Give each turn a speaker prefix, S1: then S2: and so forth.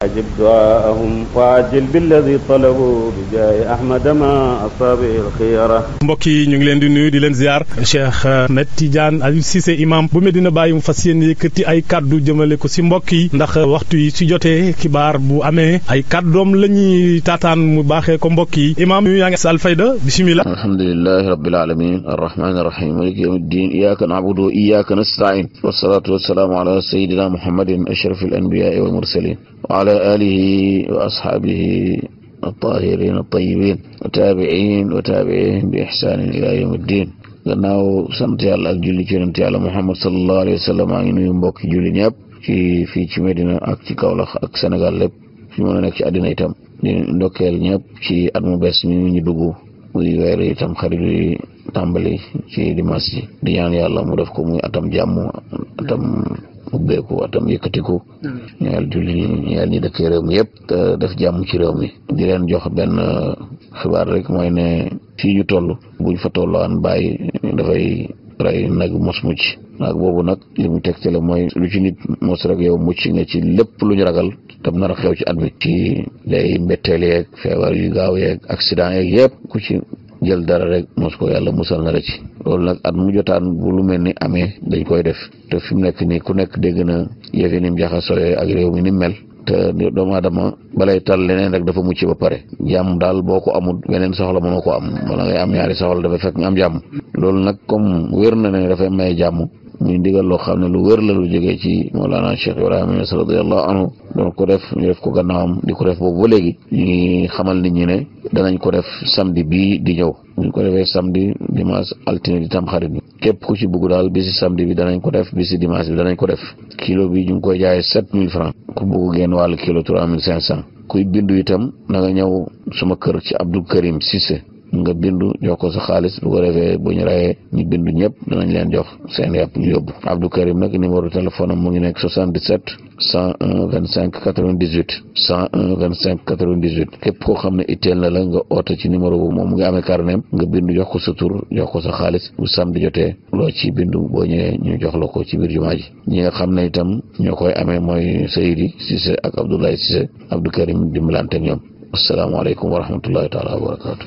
S1: ajib duaahum wa ajil billadi talabu bi jaayi
S2: yi ñu ngi leen di nuyu di leen ziar Cheikh Ahmed Tidiane Aliou Cissé imam bu Medina Baye mu fas yéene yëkkati ay kàddu jëmale ko si mbokk yi ndax waxtu yi ci jotee xibaar bu amee ay kàddoom la ñuy taataan mu
S1: baaxee ko mbokk yi imaam ñu yaa ngi sa alfayda bisimilah alhamdulilahi rabbil alamin arrahmani arrahim maliki yawmi ddin iyyaka na'budu wa iyyaka nasta'in wassalatu wassalamu ala sayyidina muhammadin ashrafil anbiya'i wal mursalin وعلى آله وأصحابه الطاهرين الطيبين وتابعين وتابعيهم بإحسان إلى يوم الدين gannaaw sant yàlla ak julli cirant yàlla mouhamad sal allahu alei wa sallam aa ngi nuyu mbokki julli ñëpp ci fii ci medina ak ci kawlax ak sénégal lépp fi mën a nekk ci àddina itam di ndokkeel ñëpp ci at mu bees mi ñu dugg muy weer itam xarit yi tàmbali ci dimas ji di ñaan yàlla mu def ko muy atam jàmm atam ubbeeku watam yëkkatiku hmm. ñeel jullit yi ñeel ñi dëkk réew yëpp def jàmm ci réew mi di leen jox benn uh, xibaar rek mooy ne fii ñu toll buñ fa an baay dafay ray nag mos mucc naag boobu nag li mu tegtale mooy lu ci nit mos rek yow mucc nga ci lépp lu ñu ragal tam nar a xew ci at mi ci day mbetteel yeeg feebar yu gaaw yeeg accident yeeg yëpp ku ci jël dara rek mos ko yàlla musal na la ci loolu nag at mu jotaan bu lu mel ni amee dañ koy def te fi mu nekk nii ku nekk dégg na yëf yi ni mu jaxasoo ak réew mi ni mel te doomu aadama balay tal leneen rek dafa mucc ba pare jàmm daal boo ko amul weneen soxla mënoo ko am wala ngay am ñaari soxla dafa fekk nga am jàmm loolu nag comme wér na ne dafay may jàmm muy ndigal loo xam ne lu wér la lu jege ci Mawlana Cheikh Ibrahima Niass radiyallahu anhu doon ko def ñu def ko am di ko def boobu ba léegi ñu xamal nit ñi ne danañ ko def samedi bii di ñëw buñ ko defee samedi dimanche altine di tam xarit bi képp ku ci bugg daal bisi samedi bi danañ ko def bisi dimanche danañ ko def kilo bi ñu ngi koy jaayee sept mille francs ku bugg génn wàll kilo trois mille cinq cent kuy bindu itam nanga ñëw suma kër ci Abdou Karim Cissé nga bindu jox ko sa xaalis bu ko defee bu ñu rayee ñu bindu ñëpp leen jox seen yàpp ñu yóbbu nag numéro téléphone am ngi nekk 77 101 25 98 101 25 98 képp koo xam ne itteel na la nga oote ci numéro bu moom mu ngi amee carnet nga bindu jox ko sa tur jox ko sa xaalis bu samedi jotee loo ci bindu boo ñëwee ñu jox la ko ci biir jumaa ji ñi nga xam ne itam ñoo koy amee mooy Seydi Cissé ak Abdoulaye Cissé Abdou Karim dimbalante ak ñoom asalaamaaleykum wa rahmatullahi taala wa barakaatu.